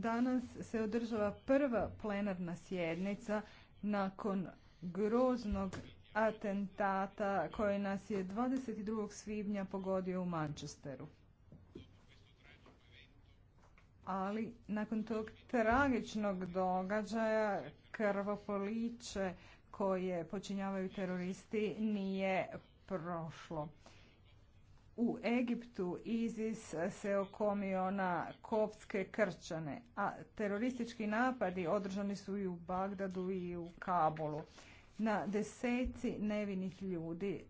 Danas se održava prva plenarna sjednica nakon groznog atentata koji nas je 22. svibnja pogodio u Manchesteru. Ali nakon tog tragičnog događaja krvopoliće koje počinjavaju teroristi nije prošlo u Egiptu izis se okomio na kopske krčane, a teroristički napadi održani su i u Bagdadu i u Kabulu. Na deseci nevinih ljudi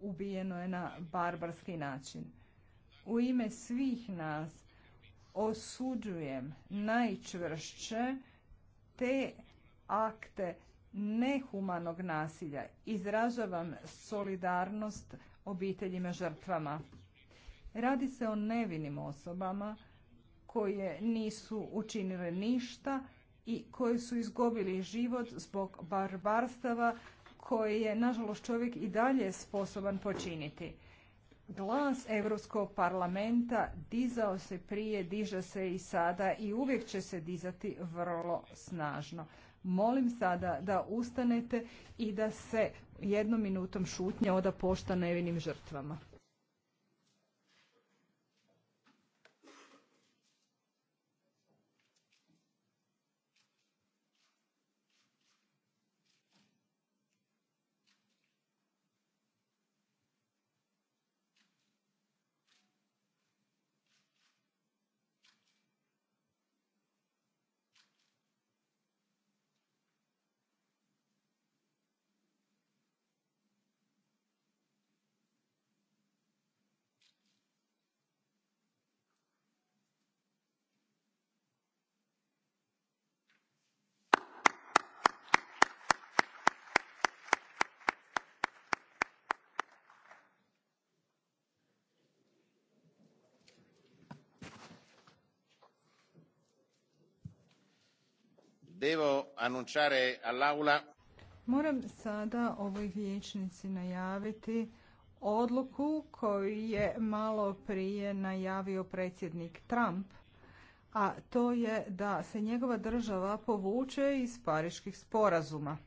ubijeno je na barbarski način. U ime svih nas osuđujem najčvršće te akte nehumanog nasilja. Izražavam solidarnost obiteljima žrtvama. Radi se o nevinim osobama koje nisu učinile ništa i koje su izgubili život zbog barbarstava koje je, nažalost, čovjek i dalje sposoban počiniti. Glas Europskog parlamenta dizao se prije, diže se i sada i uvijek će se dizati vrlo snažno. Molim sada da ustanete i da se jednom minutom šutnje oda pošta nevinim žrtvama. Moram sada ovoj vijećnici najaviti odluku koju je malo prije najavio predsjednik Trump, a to je da se njegova država povuče iz pariških sporazuma.